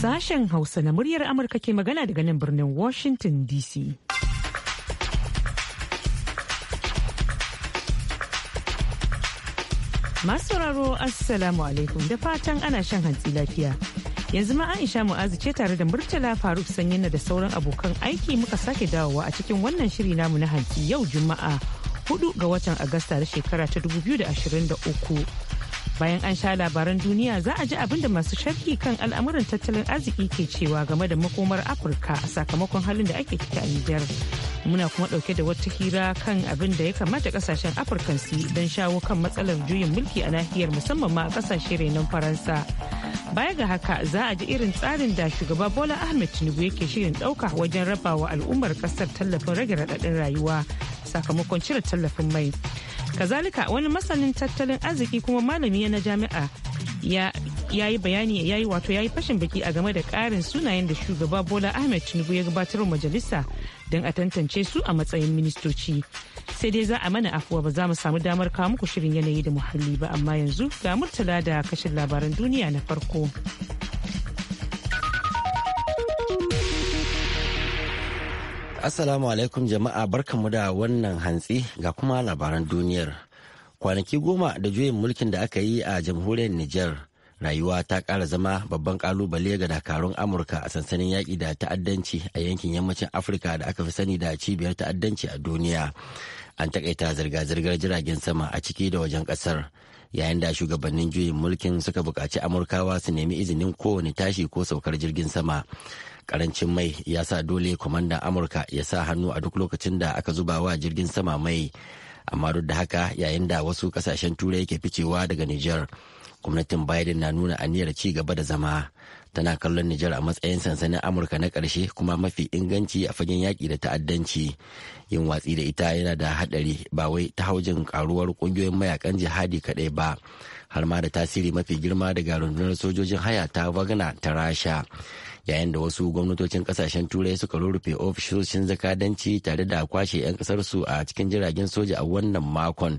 Sashen Hausa na muryar Amurka ke magana daga nan birnin Washington DC. Masu sauraro Assalamu alaikum da fatan ana shan hantsi lafiya. Yanzu ma Aisha Mu'azu ce tare da Murtala Faruk na da sauran abokan aiki muka sake dawowa a cikin wannan shiri namu na hantsi yau Juma'a 4 ga watan Agusta da shekara ta 2023. bayan an sha labaran duniya za a ji abin da masu sharhi kan al'amuran tattalin arziki ke cewa game da makomar afirka a sakamakon halin da ake ciki a nijar muna kuma dauke da wata hira kan abin da ya kamata kasashen afirka su don shawo kan matsalar juyin mulki a nahiyar musamman ma a kasashe renon faransa baya ga haka za a ji irin tsarin da shugaba bola ahmed tinubu yake shirin dauka wajen rabawa al'ummar kasar tallafin rage raɗaɗin rayuwa sakamakon cire tallafin mai kazalika wani masanin tattalin arziki kuma malami na jami'a ya yi bayani ya yi wato ya yi fashin baki a game da karin sunayen da shugaba bola ahmed tinubu ya gabatar majalisa don a tantance su a matsayin ministoci sai dai za a mana afuwa ba za mu samu damar kawo muku shirin yanayi da muhalli ba amma yanzu ga murtala da kashin labaran duniya na farko Assalamu alaikum jama'a Barka mu da wannan hantsi ga kuma labaran duniyar. Kwanaki goma da juyin mulkin da aka yi a jamhuriyar Nijar rayuwa ta ƙara zama babban ƙalubale ga dakarun Amurka a sansanin yaƙi da ta'addanci a yankin yammacin Afirka da aka fi sani da cibiyar ta'addanci a duniya. An taƙaita zirga-zirgar jiragen sama a ciki da wajen ƙasar. Yayin da shugabannin juyin mulkin suka buƙaci Amurkawa su nemi izinin kowane tashi ko saukar jirgin sama. karancin mai ya sa dole kwamandan amurka ya sa hannu a duk lokacin da aka zuba wa jirgin sama mai amma duk da haka yayin da wasu kasashen turai ke ficewa daga niger gwamnatin biden na nuna aniyar ci gaba da zama tana kallon niger a matsayin sansanin amurka na karshe kuma mafi inganci a fagen yaƙi da ta'addanci yin watsi da ita yana da haɗari ba wai ta haujin karuwar ƙungiyoyin mayakan jihadi kaɗai ba har ma da tasiri mafi girma daga rundunar sojojin haya ta wagana ta rasha yayin da wasu gwamnatocin kasashen turai suka rurrufe ofishoshin zakadanci tare da kwashe 'yan kasarsu a cikin jiragen soja a wannan makon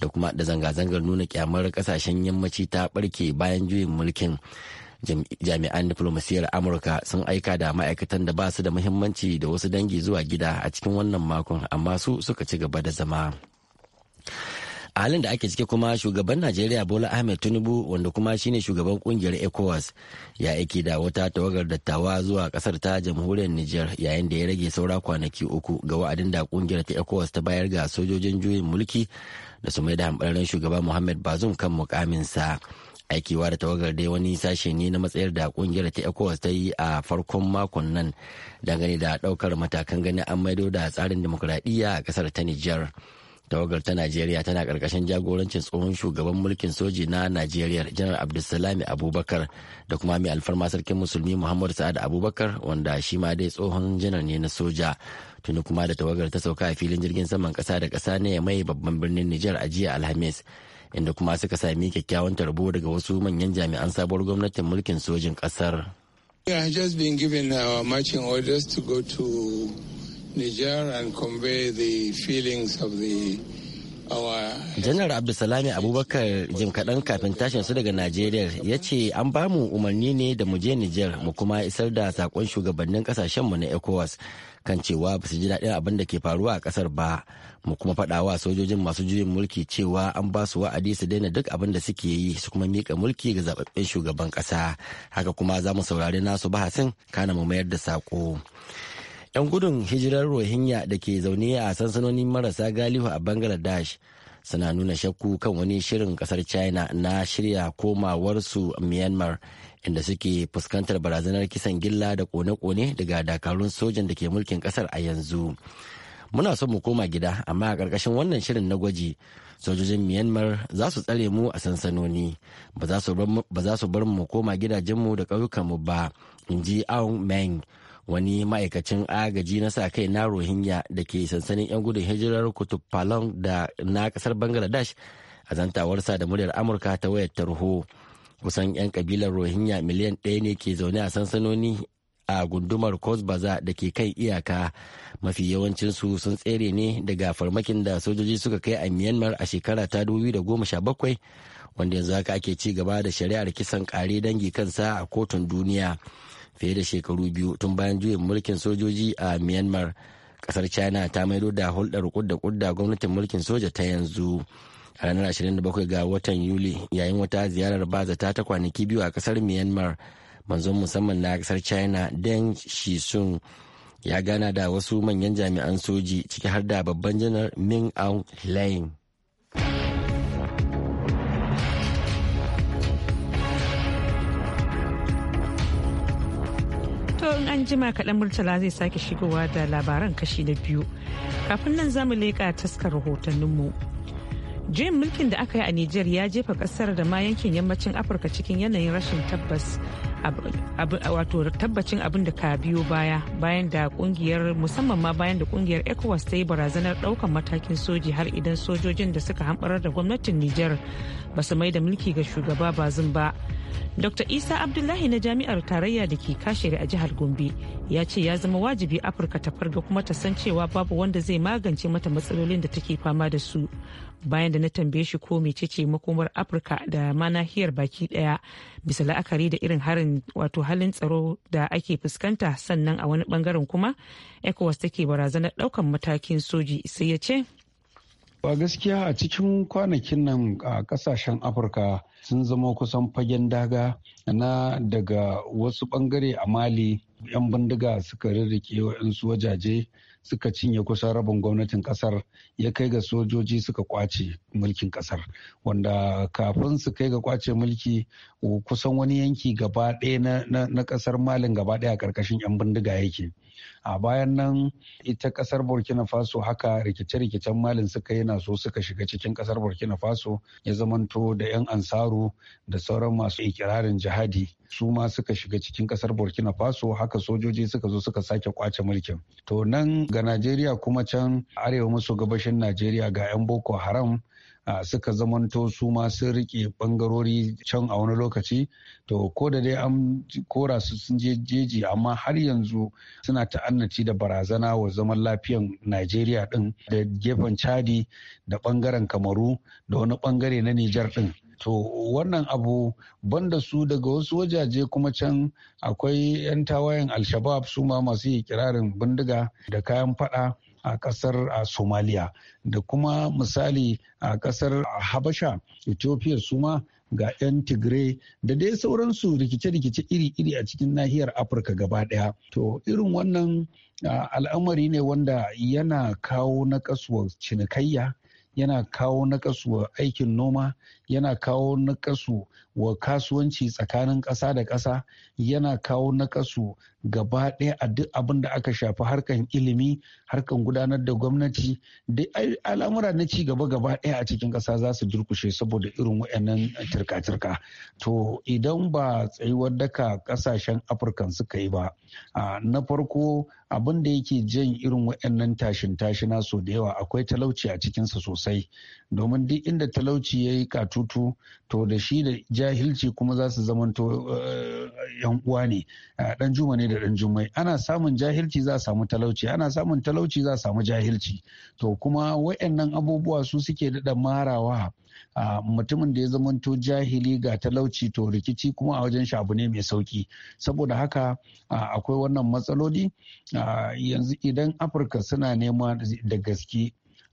da kuma da zanga-zangar nuna kyamar kasashen yammaci ta barke bayan juyin mulkin jami'an diplomasiyar amurka sun aika da ma'aikatan da ba su da muhimmanci da wasu dangi zuwa gida a cikin wannan makon amma su suka ci gaba da zama. a halin da ake ciki kuma shugaban najeriya bola ahmed tinubu wanda kuma shine shugaban kungiyar ecowas ya aiki da wata tawagar dattawa zuwa kasar ta jamhuriyar niger yayin da ya rage saura kwanaki uku ga wa'adin da kungiyar ta ecowas ta bayar ga sojojin juyin mulki da su mai da hambararren shugaba muhammad bazum kan mukaminsa aikiwa da tawagar dai wani sashe ne na matsayar da kungiyar ta ecowas ta yi a farkon makon nan dangane da daukar matakan ganin an maido da tsarin demokuraɗiyya a kasar ta niger tawagar ta najeriya tana karkashin jagorancin tsohon shugaban mulkin soji na najeriya janar abdulsalami abubakar da kuma mai alfarma sarkin musulmi muhammadu sa'ad abubakar wanda shi ma dai tsohon janar ne na soja tuni kuma da tawagar ta sauka a filin jirgin saman kasa da kasa ne mai babban birnin nijar a jiya alhamis inda kuma suka sami kyakkyawan tarbo daga wasu manyan jami'an sabuwar gwamnatin mulkin sojin kasar. We have just uh, janar abdulsalami abubakar jim kaɗan kafin tashin su daga nigeria ya ce an ba mu umarni ne da mu je niger mu kuma isar da sakon shugabannin mu na ecowas kan cewa ba su ji daɗin abin da ke faruwa a ƙasar ba mu kuma faɗawa sojojin masu juyin mulki cewa an ba su wa'adi su daina duk abin da suke yi su kuma miƙa mulki ga zaɓaɓɓen shugaban ƙasa haka kuma za mu saurari nasu bahasin kana mu mayar da saƙo. 'Yan gudun hijirar Rohingya da ke zaune a sansanonin marasa galihu a Bangladesh suna nuna shakku kan wani shirin kasar China na shirya komawarsu Myanmar inda suke fuskantar barazanar kisan gilla da kone-kone daga dakarun sojan da ke mulkin kasar a yanzu. Muna son mu koma gida amma a ƙarƙashin wannan shirin na gwaji sojojin Myanmar za su tsare mu a sansanoni ba za su bar mu koma gidajenmu da ƙauyukanmu ba in ji Aung Meng wani ma'aikacin agaji na sa kai na rohingya da ke sansanin 'yan gudun hijirar kutub palong da na kasar bangladesh a zantawarsa da muryar amurka ta wayar tarho kusan 'yan kabilar rohingya miliyan ɗaya ne ke zaune a sansanoni a gundumar kosbaza da ke kan iyaka mafi yawancin su sun tsere ne daga farmakin da sojoji suka kai a myanmar a shekara ta 2017 wanda yanzu haka ake ci gaba da shari'ar kisan kare dangi kansa a kotun duniya. fiye da shekaru biyu tun bayan juyin mulkin sojoji a myanmar kasar china ta maido da hulɗar kudda kudda gwamnatin mulkin soja ta yanzu a ranar 27 ga watan yuli yayin wata ziyarar baza ta ta kwanaki biyu a kasar myanmar manzon musamman na kasar china deng shisun ya gana da wasu manyan jami'an soji ciki har da babban janar ming aung hlaing in an jima kaɗan Murtala zai sake shigowa da labaran kashi na biyu. Kafin nan zamu leƙa taskar rahotanninmu. Juyin mulkin da aka yi a Nijar ya jefa ƙasar da ma yankin yammacin Afirka cikin yanayin rashin tabbas. wato tabbacin abin da ka biyo baya bayan da kungiyar musamman ma bayan da kungiyar ecowas ta yi barazanar ɗaukan matakin soji har idan sojojin da suka hamɓarar da gwamnatin niger ba su mai da mulki ga shugaba bazin ba dr isa abdullahi na jami'ar tarayya da ke kashe a jihar gombe ya ce ya zama wajibi afirka ta farga kuma ta san cewa babu wanda zai magance mata matsalolin da take fama da su bayan da na tambaye shi ko ce makomar afirka da ma nahiyar baki daya bisa la'akari da irin harin wato halin tsaro da ake fuskanta sannan a wani bangaren kuma ecowas take barazanar daukan matakin soji sai ya ce Ba gaskiya a cikin kwanakin nan a kasashen Afirka sun zama kusan fagen daga na daga wasu bangare a Mali 'yan bindiga suka rirrike wa'yansu wajaje suka cinye kusan rabin gwamnatin kasar ya kai ga sojoji suka kwace. mulkin kasar wanda kafin su kai ga kwace mulki kusan wani yanki gaba ɗaya na kasar malin gaba ɗaya a ƙarƙashin 'yan bindiga yake a bayan nan ita kasar burkina faso haka rikice-rikicen malin suka yi so suka shiga cikin kasar burkina faso ya zamanto da 'yan ansaru da sauran masu ikirarin jihadi su ma suka shiga cikin kasar burkina faso haka sojoji suka zo suka sake kwace mulkin to nan ga najeriya kuma can arewa maso gabashin najeriya ga 'yan boko haram a suka zamanto su ma sun rike bangarori can a wani lokaci to ko da dai an kora su sun je jeji amma har yanzu suna ta'annaci da barazana wa zaman lafiyan najeriya din da gefen chadi da bangaren kamaru da wani bangare na nijar din to wannan abu banda su daga wasu wajaje kuma can akwai 'yan tawayen alshabab su ma masu yi kirarin bindiga da kayan fada a kasar somalia da kuma misali a kasar habasha ethiopia suma ga 'yan tigray da dai sauransu rikice-rikice iri-iri a cikin nahiyar afirka gaba daya to irin wannan al'amari ne wanda yana kawo kasuwar cinikayya yana kawo kasuwar aikin noma yana kawo nakasu wa kasuwanci tsakanin ƙasa da ƙasa yana kawo nakasu gaba ɗaya a duk abin da aka shafi harkan ilimi harkan gudanar da gwamnati da al'amura na ci gaba gaba ɗaya a cikin ƙasa za su durkushe saboda irin waɗannan turka-turka to idan ba tsayuwar daka ƙasashen afirka suka yi ba na farko abin da yake jan irin waɗannan tashin tashina so da yawa akwai talauci a cikinsa sosai domin duk inda talauci ya yi katutu to da shi da jahilci kuma za su zamanto eh, yan uwa ne dan juma ne da dan Jumai. ana samun jahilci za a samu talauci ana samun talauci za a samu jahilci to kuma wayannan abubuwa su suke da marawa a mutumin da ya zamanto jahili ga talauci to rikici kuma a wajen shabu ne mai sauki saboda haka akwai wannan matsaloli yanzu idan afirka suna nema da gaske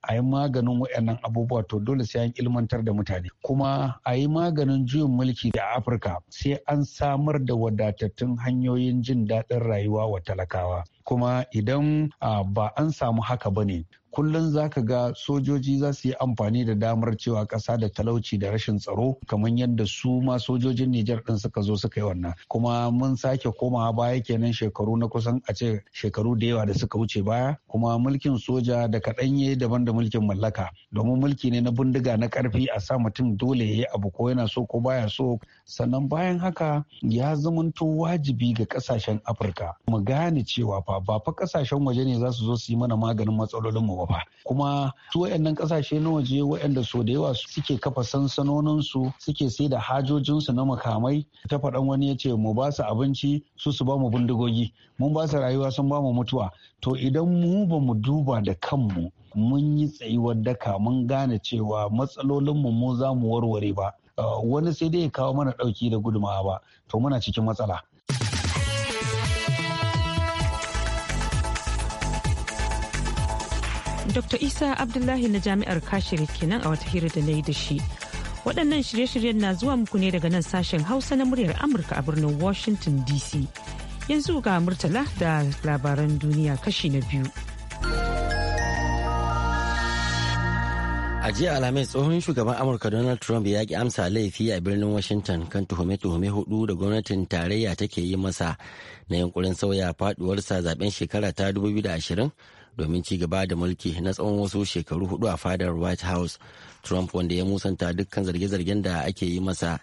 a yi maganin waɗannan abubuwa to dole sai an ilmantar da mutane kuma a yi maganin juyin mulki da afirka sai an samar da wadatattun hanyoyin jin daɗin rayuwa wa talakawa kuma idan ba an samu haka ba ne kullum za ka ga sojoji za su yi amfani da damar cewa ƙasa da talauci da rashin tsaro kamar yadda su ma sojojin Nijar ɗin suka zo suka yi wannan kuma mun sake komawa baya kenan shekaru na kusan a ce shekaru da yawa da suka wuce baya kuma mulkin soja da kaɗan yayi daban da mulkin mallaka domin mulki ne na bindiga na ƙarfi a sa mutum dole ya yi abu ko yana so ko baya so sannan bayan haka ya zamanto wajibi ga ƙasashen Afirka mu gane cewa fa ba fa kasashen waje ne za su zo su yi mana maganin matsalolin mu ba kuma su wayannan kasashe na waje wayanda so da yawa suke kafa sansanonin suke sai da hajojinsu na makamai ta faɗan wani ya ce mu ba su abinci su su ba mu bindigogi mun ba su rayuwa sun ba mu mutuwa to idan mu ba mu duba da kanmu mun yi tsayuwar daka mun gane cewa matsalolinmu mu za mu warware ba ah, wani sai dai ya kawo mana ɗauki da gudumawa ba to muna cikin matsala Dr. Isa Abdullahi na Jami'ar Kashiri kenan a wata hira da na yi da shi. Waɗannan shirye-shiryen na zuwa muku ne daga nan sashen Hausa na muryar Amurka a birnin Washington DC. Yanzu ga Murtala da labaran duniya kashi na biyu. A jiya Alhamis tsohon shugaban Amurka Donald Trump ya ki amsa laifi a birnin Washington kan tuhume-tuhume hudu da gwamnatin tarayya take yi masa na yunkurin sauya faduwarsa zaben shekara ta 2020 domin ci gaba da mulki na tsawon wasu shekaru hudu a fadar white house trump wanda ya musanta dukkan zarge-zargen da ake yi masa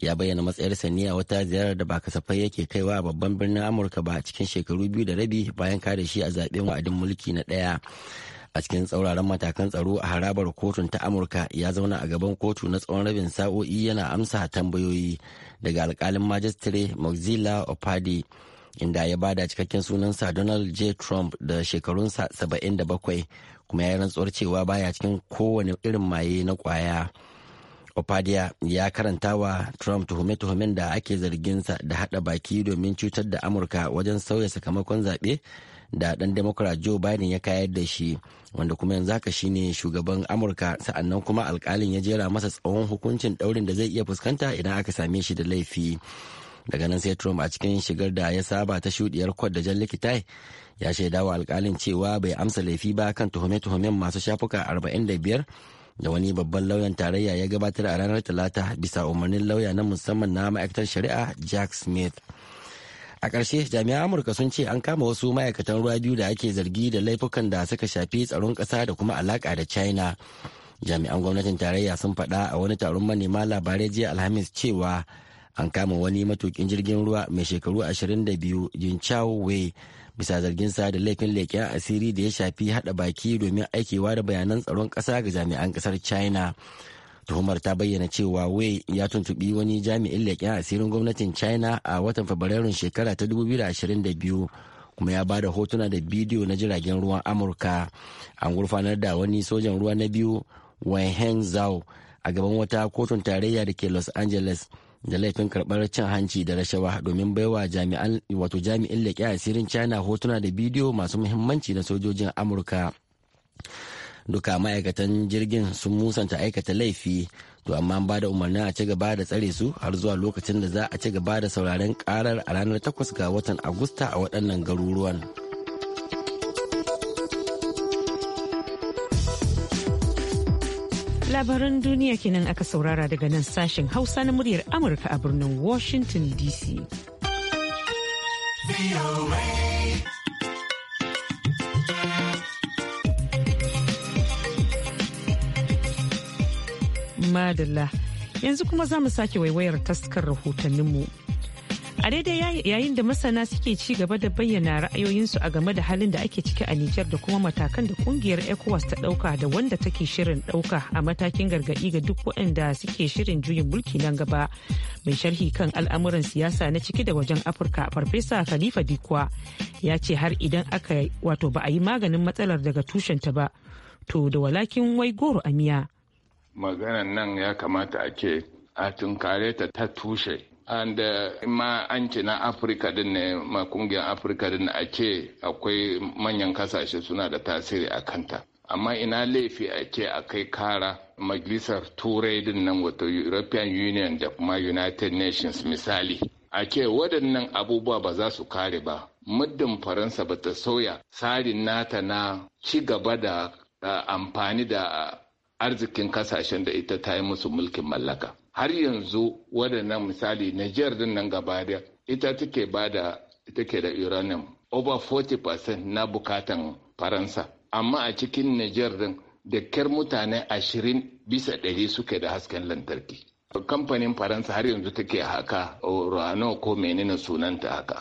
ya bayyana matsayarsa ne a wata ziyarar da ba kasafai yake kaiwa babban birnin amurka ba cikin shekaru biyu da rabi bayan kare shi a zaben wa'adin mulki na daya. a cikin tsauraran matakan tsaro a harabar kotun ta amurka ya zauna a gaban kotu na tsawon rabin sa'o'i yana amsa tambayoyi daga alkalin majistare moxila opadi inda ya bada cikakken sunansa donald j trump da shekarunsa 77 kuma ya rantsuwar cewa baya cikin kowane irin maye na kwaya opadia ya karanta wa trump tuhume-tuhumen da ake zarginsa da hada baki domin cutar da amurka wajen sauya sakamakon zaɓe da dan democrat joe biden ya kayar da shi wanda kuma yanzu haka shine shugaban amurka sa'annan kuma alkalin ya jera masa tsawon hukuncin daurin da zai iya fuskanta idan aka same shi da laifi daga nan sai trump a cikin shigar da ya saba ta shuɗiyar kwad da jan likitai ya shaida wa alkalin cewa bai amsa laifi ba kan tuhume-tuhumen masu shafuka 45 da wani babban lauyan tarayya ya gabatar a ranar talata bisa umarnin lauya na musamman na ma'aikatar shari'a jack smith a ƙarshe jami'an amurka sun ce an kama wasu ma'aikatan ruwa biyu da ake zargi da laifukan da suka shafi tsaron ƙasa da kuma alaƙa da china jami'an gwamnatin tarayya sun faɗa a wani taron manema labarai jiya alhamis cewa an kama wani matukin jirgin ruwa mai shekaru 22 jin wei bisa zarginsa da laifin leƙen asiri da ya shafi hada baki domin aikewa da bayanan tsaron ƙasa ga jami'an ƙasar china tuhumar ta bayyana cewa wei ya tuntubi wani jami'in leƙen asirin gwamnatin china a watan fabrairun shekara ta 2022 kuma ya ba da hotuna da bidiyo na jiragen ruwan amurka an gurfanar da wani sojan ruwa na biyu wen zhao a gaban wata kotun tarayya da ke los angeles da laifin karɓar cin hanci da rashawa domin baiwa wato jami'in leƙi asirin china hotuna da bidiyo masu muhimmanci na sojojin amurka duka ma'aikatan jirgin sun musanta aikata laifi to amma ba da umarni a ci gaba da tsare su har zuwa lokacin da za a ci gaba da sauraren karar a ranar 8 ga watan agusta a waɗannan garuruwan. labaran duniya kenan aka saurara daga nan sashen hausa na muryar amurka a birnin washington dc madalla yanzu kuma za mu sake waiwayar taskar rahotanninmu. mu a daidai yayin da masana suke ci gaba da bayyana ra'ayoyinsu a game da halin da ake ciki a Nijar da kuma matakan da kungiyar ECOWAS ta dauka da wanda take shirin dauka a matakin gargaɗi ga duk waɗanda suke shirin juyin mulki nan gaba. Mai sharhi kan al'amuran siyasa na ciki da wajen Afirka Farfesa Khalifa Dikwa ya ce har idan aka wato ba a yi maganin matsalar daga tushenta ba to da walakin wai goro a miya. Maganan nan ya kamata a ce a tunkare ta ta tushe and uh, ma an ce na afirka din ne ma kungiyar afirka din a ce akwai manyan kasashe suna da tasiri a kanta amma ina laifi a ce a kai kara majalisar turai din nan wato european union da kuma united nations misali a ce waɗannan abubuwa ba za su kare ba muddin faransa ba ta sauya tsarin nata na ci gaba da uh, amfani da arzikin kasashen da ita ta yi musu mulkin mallaka har yanzu waɗannan misali Niger din nan gaba da ita take bada take da uranium over 40% na bukatan Faransa amma a cikin Niger din da kyar mutane 20 bisa ɗari suke da hasken lantarki. Kamfanin Faransa har yanzu take haka Rano ko menene sunanta haka.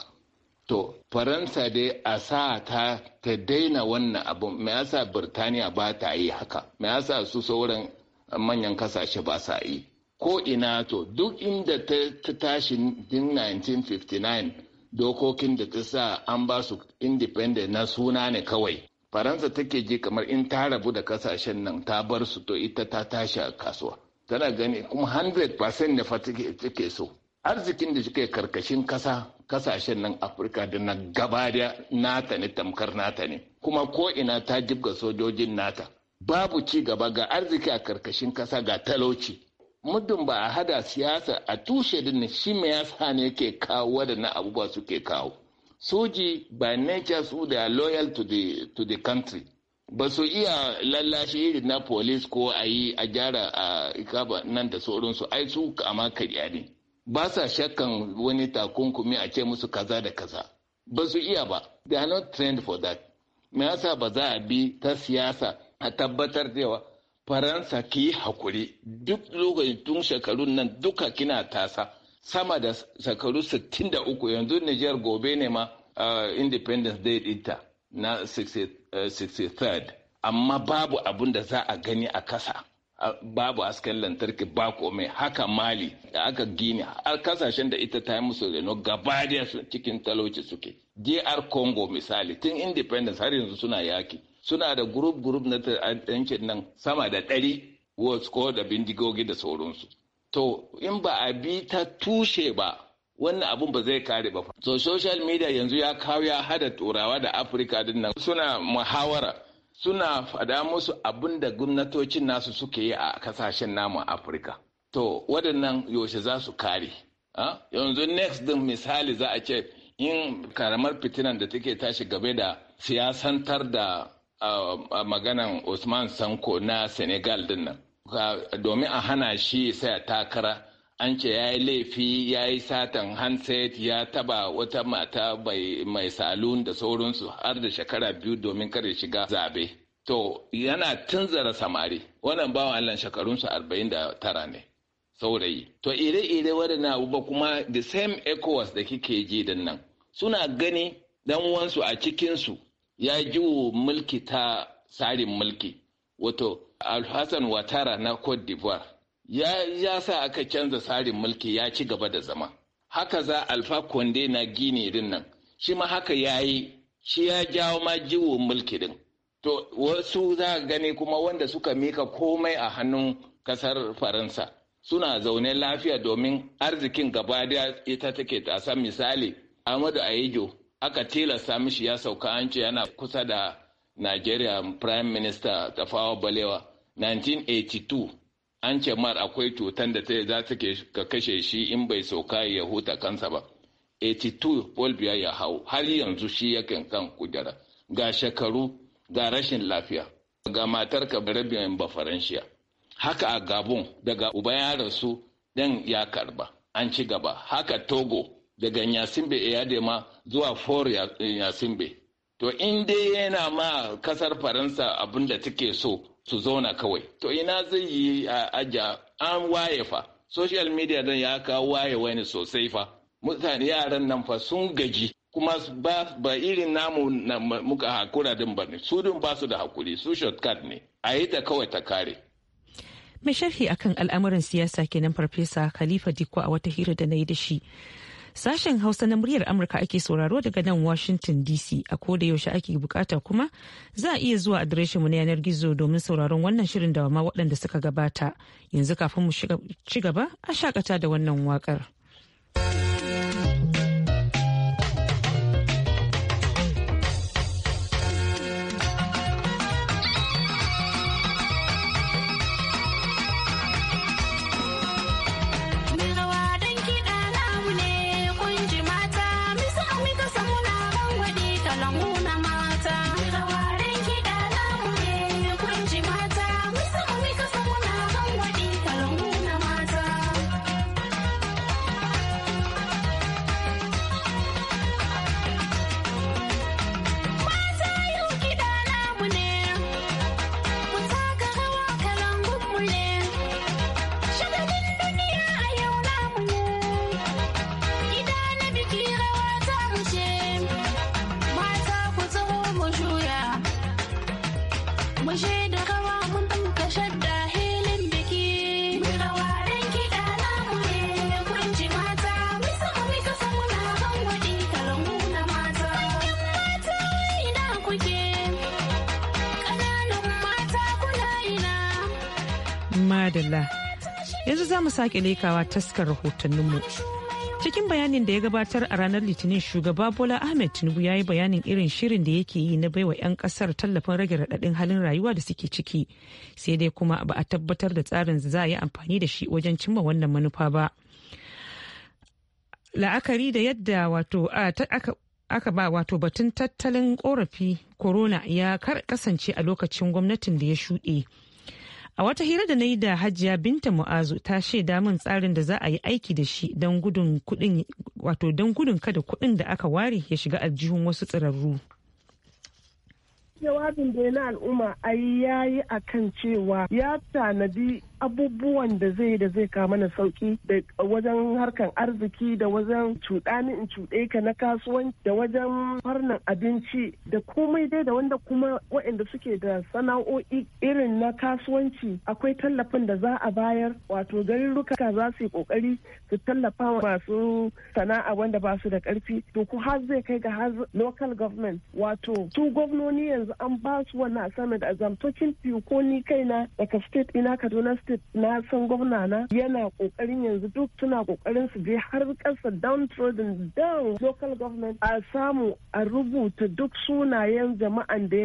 To, Faransa dai a sa ta ta daina wannan abin, me yasa Birtaniya ba ta yi haka, me yasa su sauran manyan kasashe ba sa yi. ko ina to duk inda ta tashi din 1959 dokokin da ta sa an ba su independent na suna ne kawai faransa take ji kamar in ta rabu da kasashen nan ta bar su to ita ta tashi a kasuwa tana gani kuma 100% ne fa take so arzikin da suke karkashin kasa kasashen nan afirka da na gaba da nata ne tamkar nata ne kuma ko ina ta jibga sojojin nata babu ci gaba ga arziki a karkashin kasa ga talauci muddin ba a hada siyasa a tushe din shi mai yasa ne ke kawo waɗannan abubuwa suke kawo soji by nature su da loyal to the, country ba su iya lallashi irin na police ko a yi a gyara a ikaba nan da sauransu ai su kama karya ne ba sa shakkan wani takunkumi a ce musu kaza da kaza ba su iya ba they are not trained for that me yasa ba za a bi ta siyasa a tabbatar cewa faransa ki yi hakuri duk lokacin tun shekarun nan duka kina tasa sama da shekaru 63 yanzu Nijar gobe ne ma uh, independence day dinta na 63rd eh, amma babu abun da za a gani a kasa babu hasken lantarki ba komai haka mali da aka gini a kasashen da ita ta yi musu reno gaba cikin talauci suke dr congo misali tun independence har yanzu suna yaki suna da group group na yankin nan sama da ɗari ko da bindigogi da sauransu to in ba a bi ta tushe ba wannan abun ba zai kare ba so social media yanzu ya kawo ya hada turawa da afirka din nan suna muhawara suna fada musu abin da gwamnatocin nasu suke yi a kasashen namu afirka to waɗannan yaushe za su kare ah, yanzu next din misali za a ce in karamar fitinan da take tashi game da siyasantar da A maganan Usman Sanko na Senegal din nan. Domin a hana shi sai takara an ce ya yi laifi ya yi satan handset ya taba wata mata mai salon da sauransu har da shekara biyu domin kare shiga zabe. To yana tunzara samari wannan bawan Allah shekarunsu arba'in da tara ne saurayi. To ire-ire waɗannan abubuwa kuma the same echoes da kike ji din nan suna gani dan uwansu a cikinsu ya jiwo mulki ta tsarin mulki wato alhassan watara na cote d'ivoire ya, ya sa aka canza tsarin mulki ya ci gaba da zama haka za alfa konde na gini din nan shi ma haka ya yi shi ya jawo ma jiwo mulki din to wasu za a gani kuma wanda suka mika komai a hannun kasar faransa suna zaune lafiya domin arzikin gaba ita take tasa misali amadu ayijo aka tilasta mishi ya sauka an ce yana kusa da Nigeria Prime Minister Tafawa Balewa 1982 an ce mar akwai cutar da ta za ta ka kashe shi in bai sauka ya huta kansa ba. 82 Paul Biya ya hau har yanzu shi yakan kan kujera ga shekaru ga rashin lafiya ga matar ka rabin bafaranshiya. Haka a Gabon daga uba ya rasu dan ya karba an ci gaba haka Togo daga eh, ya Eyadema zuwa For eh, yasimbe To in dai yana ma kasar Faransa abin take so su zauna kawai. To ina zai yi a aja an waye fa. Social media don ya kawo waye wani sosai fa. Mutane yaran nan fa sun gaji kuma ba, ba irin namu na, muka hakura din ba ne. Su din ba su da hakuri su shortcut ne. A yi ta kawai ta kare. Mai sharhi akan al'amuran siyasa kenan Farfesa Khalifa diko a wata hira da na yi da shi. Sashen Hausa na muryar Amurka ake sauraro daga nan Washington DC a koda yaushe ake bukata kuma za a iya zuwa adireshin mu na yanar gizo domin sauraron wannan shirin da ma waɗanda suka gabata. Yanzu kafin mu ci gaba a shakata da wannan waƙar. yanzu za mu sake lekawa taskar rahotanninmu. Cikin bayanin da ya gabatar a ranar Litinin shugaba Bola Ahmed Tinubu ya yi bayanin irin shirin da yake yi na baiwa 'yan kasar tallafin rage raɗaɗin halin rayuwa da suke ciki. Sai dai kuma ba a tabbatar da tsarin za a yi amfani da shi wajen cimma wannan manufa ba. La'akari da yadda wato aka ba wato batun tattalin korafi corona ya kasance a lokacin gwamnatin da ya shuɗe. A wata hira da na yi da Hajiya Binta Mu'azu ta shaida min tsarin da za a yi aiki da shi don gudun wato don gudun kada kuɗin da aka ware ya shiga aljihun wasu tsirarru. Jawabin da na al'umma ai yayi akan cewa ya tanadi abubuwan da zai da zai kama na sauki da wajen harkan arziki da wajen cuɗani in cuɗe ka na kasuwanci da wajen farnan abinci da komai dai da wanda kuma waɗanda suke da sana'o'i irin na kasuwanci akwai tallafin da za a bayar wato garuruka za su yi kokari su tallafa wa masu sana'a wanda ba su da karfi to ku har zai kai ga har local government wato su gwamnoni yanzu an ba su wannan assignment a zamtokin ko ni kaina daga state ina kaduna state state na san gwamna na yana kokarin yanzu duk suna kokarin su je har kasa downtrodden down local government a samu a rubuta duk sunayen jama'an da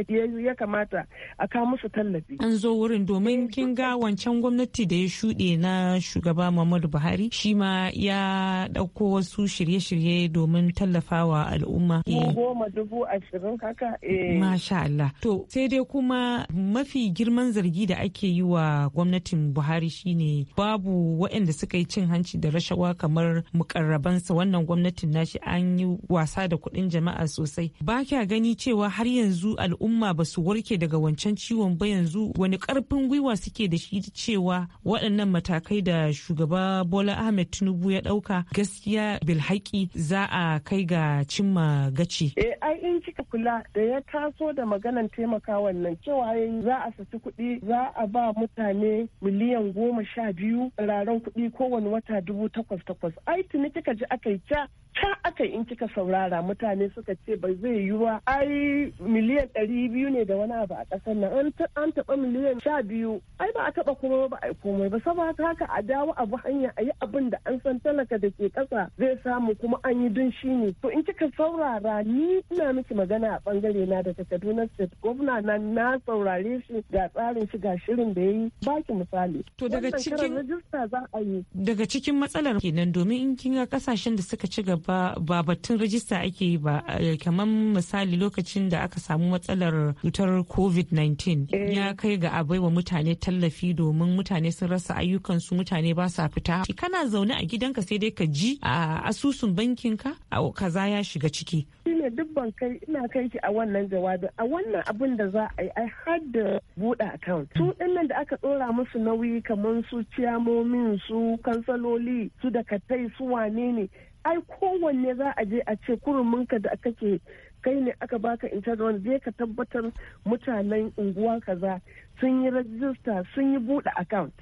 ya kamata a ka musu tallafi. An zo wurin domin kin ga wancan gwamnati da ya shuɗe na shugaba Muhammadu Buhari shi ma ya ɗauko wasu shirye-shirye domin tallafawa al'umma. Goma dubu ashirin haka. Eh. Masha Allah. To sai dai kuma mafi girman zargi da ake yi wa gwamnatin buhari shine babu waɗanda suka yi cin hanci da rashawa kamar mukarrabansa wannan gwamnatin nashi an yi wasa da kuɗin jama'a sosai ba kya gani cewa har yanzu al'umma ba su warke daga wancan ciwon ba yanzu wani karfin gwiwa suke da shi cewa waɗannan matakai da shugaba bola ahmed tinubu ya ɗauka gaskiya bilhaki za a kai ga cimma gaci eh ai in kika kula da ya taso da maganan taimaka wannan cewa za a saki kuɗi za a ba mutane miliyan miliyan goma sha biyu raron kuɗi kowane wata dubu takwas takwas ai tuni kika ji aka yi ta ta aka in kika saurara mutane suka ce ba zai yi wa ai miliyan ɗari biyu ne da wani abu a ƙasar nan an taɓa miliyan sha biyu ai ba a taɓa kuma ba a komai ba saboda haka a dawo abu hanya a yi abin da an san talaka da ke ƙasa zai samu kuma an yi dun shi ne to in kika saurara ni ina miki magana a ɓangare na daga Kaduna State gwamna na na saurare shi ga tsarin shi ga shirin da ya yi baki misali misali to daga cikin rajista za a yi daga cikin matsalar kenan domin in kin ga kasashen da suka ci gaba ba batun rajista ake yi ba eh, kamar misali lokacin da aka samu matsalar cutar covid-19 eh. ya kai ga a baiwa mutane tallafi domin mutane sun rasa ayyukansu mutane ba sa fita kana zaune a gidanka sai dai ka ji a asusun bankin bankinka kaza ya shiga ciki shine duk ban kai ina kai ki a wannan jawabin a wannan abin da za a yi ai har da buɗe account su dinnan da aka ɗora musu na nauyi kamar su ciyamomin su kansaloli su da katai su wane ne ai kowanne za a je a ce kuruminka da aka ke kai ne aka baka intanet zai ka tabbatar mutanen unguwa kaza sun yi rajista sun yi buɗe account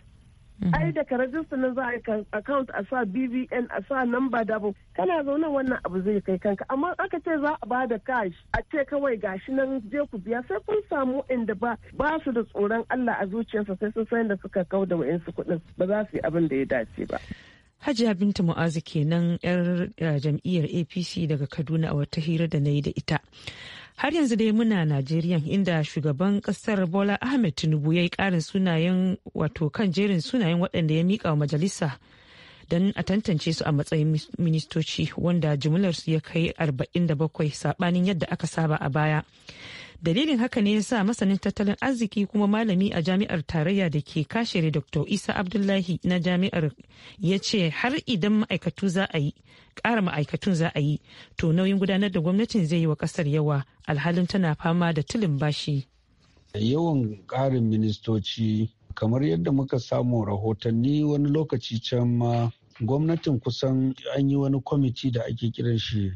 Mhm. ai da ka rajista na za a yi account a sa bbn a sa number dabo kana zaune wannan abu zai kai kanka amma aka ce za a ba da cash a ce kawai gashi nan je ku biya sai kun samu inda ba ba su da tsoron allah a zuciyarsa sai sun san da suka kau da wa'insu kuɗin ba za su yi abin da ya dace ba Hajiya Binta Mu'azu kenan 'yar eh, jam'iyyar APC daga Kaduna a wata hira da na yi da ita. har yanzu dai muna najeriya inda shugaban kasar bola ahmed tinubu ya yi karin sunayen wato kan jerin sunayen waɗanda ya miƙa wa majalisa don a tantance su a matsayin ministoci wanda jimlarsu ya kai 47 saɓanin yadda aka saba a baya dalilin haka ne ya sa masanin tattalin arziki kuma malami a jami'ar tarayya da ke kashere dr isa abdullahi na jami'ar ya ce har idan ma'aikatu za a yi ƙara ma'aikatun za a yi to nauyin gudanar da gwamnatin zai yi wa ƙasar yawa alhalin tana fama da tulin bashi yawan ƙarin ministoci kamar yadda muka samu rahotanni wani lokaci can ma gwamnatin kusan an yi wani kwamiti da ake kiran shi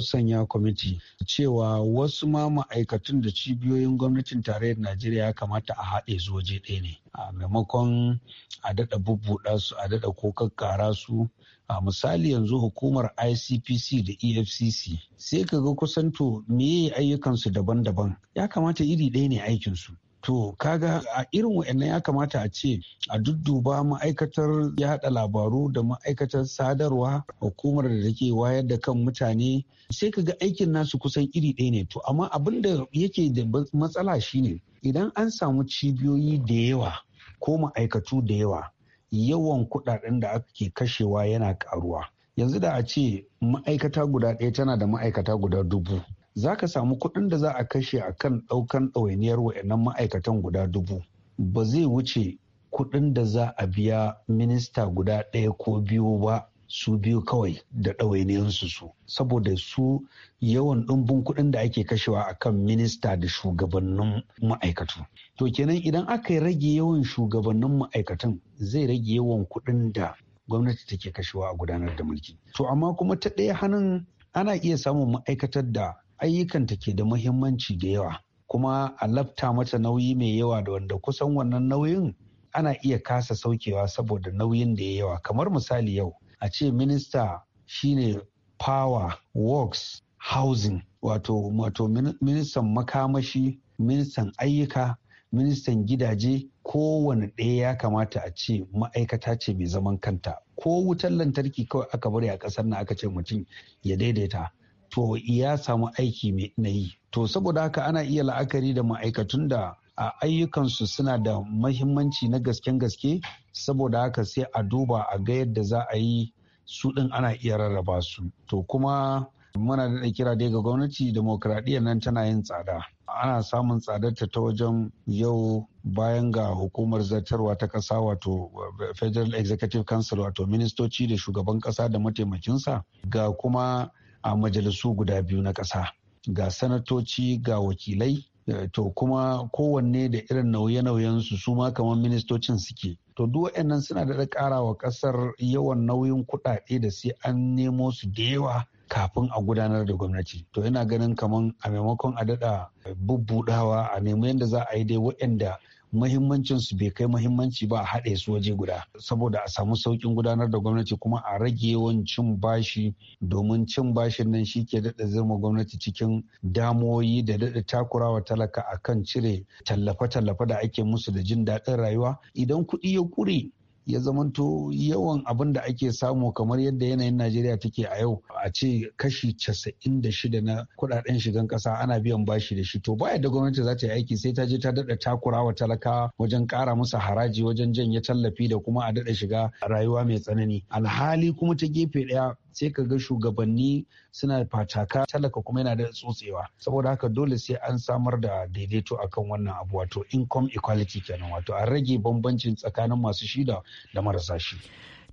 sanya kwamiti cewa wasu ma ma'aikatun da cibiyoyin gwamnatin tarayyar Najeriya ya kamata a haɗe su waje ɗaya ne. A maimakon a daɗa bubbuɗa su a daɗa ko kakkara su a misali yanzu hukumar ICPC da EFCC sai ka ga kusan to meye ayyukansu daban-daban ya kamata iri ɗaya ne aikinsu. to kaga a irin wa'annan ya kamata a ce a dudduba ma'aikatar yaɗa labaru da ma'aikatar sadarwa hukumar da take wayar da kan mutane sai kaga aikin nasu kusan iri ɗaya ne to amma abin da yake da matsala shine idan an samu cibiyoyi da yawa ko ma'aikatu da yawa yawan kuɗaɗen da ake kashewa yana ƙaruwa yanzu da a ce ma'aikata guda ɗaya tana da ma'aikata guda dubu za ka samu kuɗin da za a kashe a kan ɗaukan ɗawainiyar wa'annan ma'aikatan guda dubu ba zai wuce kuɗin da za a biya minista guda ɗaya ko biyu ba su biyu kawai da ɗawainiyarsu su saboda su yawan ɗumbin kuɗin da ake kashewa a kan minista da shugabannin ma'aikatu to kenan idan aka yi rage yawan shugabannin ma'aikatan zai rage yawan kuɗin da gwamnati take kashewa a gudanar da mulki to amma kuma ta ɗaya hannun ana iya samun ma'aikatar da ayyukanta ke da muhimmanci da yawa kuma a lafta mata nauyi mai yawa da wanda kusan wannan nauyin ana iya kasa saukewa saboda nauyin da ya yawa kamar misali yau a ce minista shine power works housing wato wato ministan makamashi ministan ayyuka ministan gidaje kowane ɗaya ya kamata a ce ma'aikata ce mai zaman kanta ko wutar lantarki kawai aka bari a ƙasar na aka ce mutum ya daidaita to ya samu aiki na yi to saboda haka ana iya la'akari da ma'aikatun da a ayyukansu suna da mahimmanci na gasken gaske saboda haka sai a duba a ga yadda za a yi su ɗin ana iya rarraba su to kuma muna da kira dai ga gwamnati demokradiyyar nan tana yin tsada ana samun tsadarta ta wajen yau bayan ga hukumar zartarwa ta ƙasa wato eh, federal executive council wato ministoci da shugaban ƙasa da mataimakinsa ga kuma a majalisu guda biyu na ƙasa ga sanatoci ga wakilai eh, to kuma kowanne da irin nauye nauyen su su ma kamar ministocin suke to duk waɗannan suna da ƙara wa ƙasar yawan nauyin kuɗaɗe da sai an nemo su da yawa kafin a gudanar da gwamnati to yana ganin kamar a maimakon a daɗa bubbudawa a nemi yadda za a yi dai waɗanda mahimmancin su bai kai mahimmanci ba a haɗe su waje guda saboda a samu sauƙin gudanar da gwamnati kuma a rage yawan cin bashi domin cin bashin nan shi ke daɗa zama gwamnati cikin damoyi da daɗa takurawa talaka akan cire tallafe-tallafe da ake musu da jin daɗin rayuwa idan kuɗi ya ƙure ya zamanto yawan abin da ake samu kamar yadda yanayin najeriya take a yau a ce kashi casa'in da shida na kudaden shigan kasa ana biyan bashi da shi to baya da gwamnati za ta yi aiki sai ta je ta daɗa takura wa talakawa wajen kara musu haraji wajen janye tallafi da kuma a daɗa shiga rayuwa mai tsanani alhali kuma ta gefe ɗaya sai ka ga shugabanni suna fataka talaka kuma yana da tsotsewa saboda haka dole sai an samar da daidaito akan wannan abu wato income equality kenan wato a rage bambancin tsakanin masu shi da marasa shi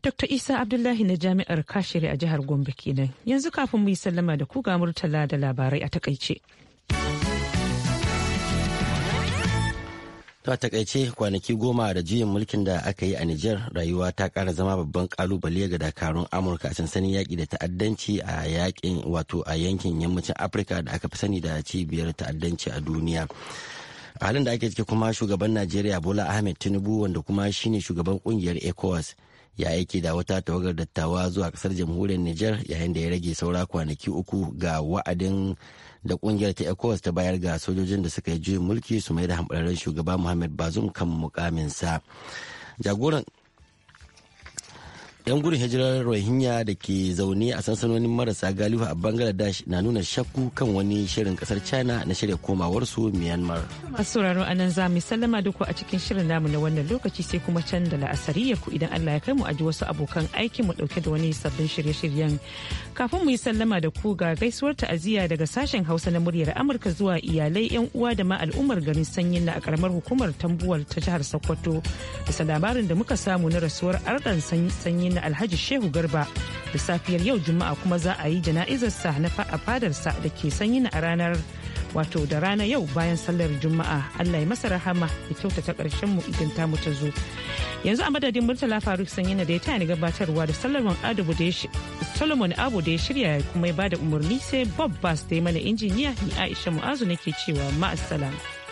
Dr. Isa Abdullahi na Jami'ar Kashiri a jihar Gombe kenan. Yanzu kafin mu yi sallama da ku ga murtala da labarai a takaice. ta takaice kwanaki goma da juyin mulkin da aka yi a Nijar rayuwa ta kara zama babban kalubale ga dakarun Amurka a sansanin yaƙi da ta'addanci a yaƙin wato a yankin yammacin Afirka da aka fi sani da cibiyar ta'addanci a duniya. A halin da ake ciki kuma shugaban Najeriya Bola Ahmed Tinubu wanda kuma shine shugaban kungiyar ECOWAS ya aiki da wata tawagar dattawa zuwa kasar jamhuriyar Nijar yayin da ya rage saura kwanaki uku ga wa'adin da kungiyar ta ecowas ta bayar ga sojojin da suka yi juyin mulki su mai da hamɓararren shugaba muhammad bazum kan mukaminsa jagoran 'yan gudun hijirar rohingya da ke zaune a sansanonin marasa galihu a bangladesh na nuna shakku kan wani shirin kasar china na shirya komawarsu myanmar masu sauraro anan za mu sallama duku a cikin shirin namu na wannan lokaci sai kuma can da la'asari ya ku idan allah ya kai mu aji wasu abokan aikin mu dauke da wani sabbin shirye-shiryen kafin mu yi sallama da ku ga gaisuwar ta'aziyya daga sashen hausa na muryar amurka zuwa iyalai 'yan uwa da ma al'ummar garin sanyin na a karamar hukumar tambuwal ta jihar sokoto bisa labarin da muka samu na rasuwar ardan sanyin na alhaji shehu garba da safiyar yau juma'a kuma za a yi jana'izarsa na fadarsa da ke sanyi a ranar wato da rana yau bayan sallar juma'a allah ya masa rahama ya kyautata karshen mu idan ta mu ta zo yanzu a madadin murtala faruk sanyi na da ya ta ni gabatarwa da solomon abu da ya shirya kuma ya bada umarni sai bob bas da ya mana injiniya ni aisha mu'azu nake cewa ma'assalam.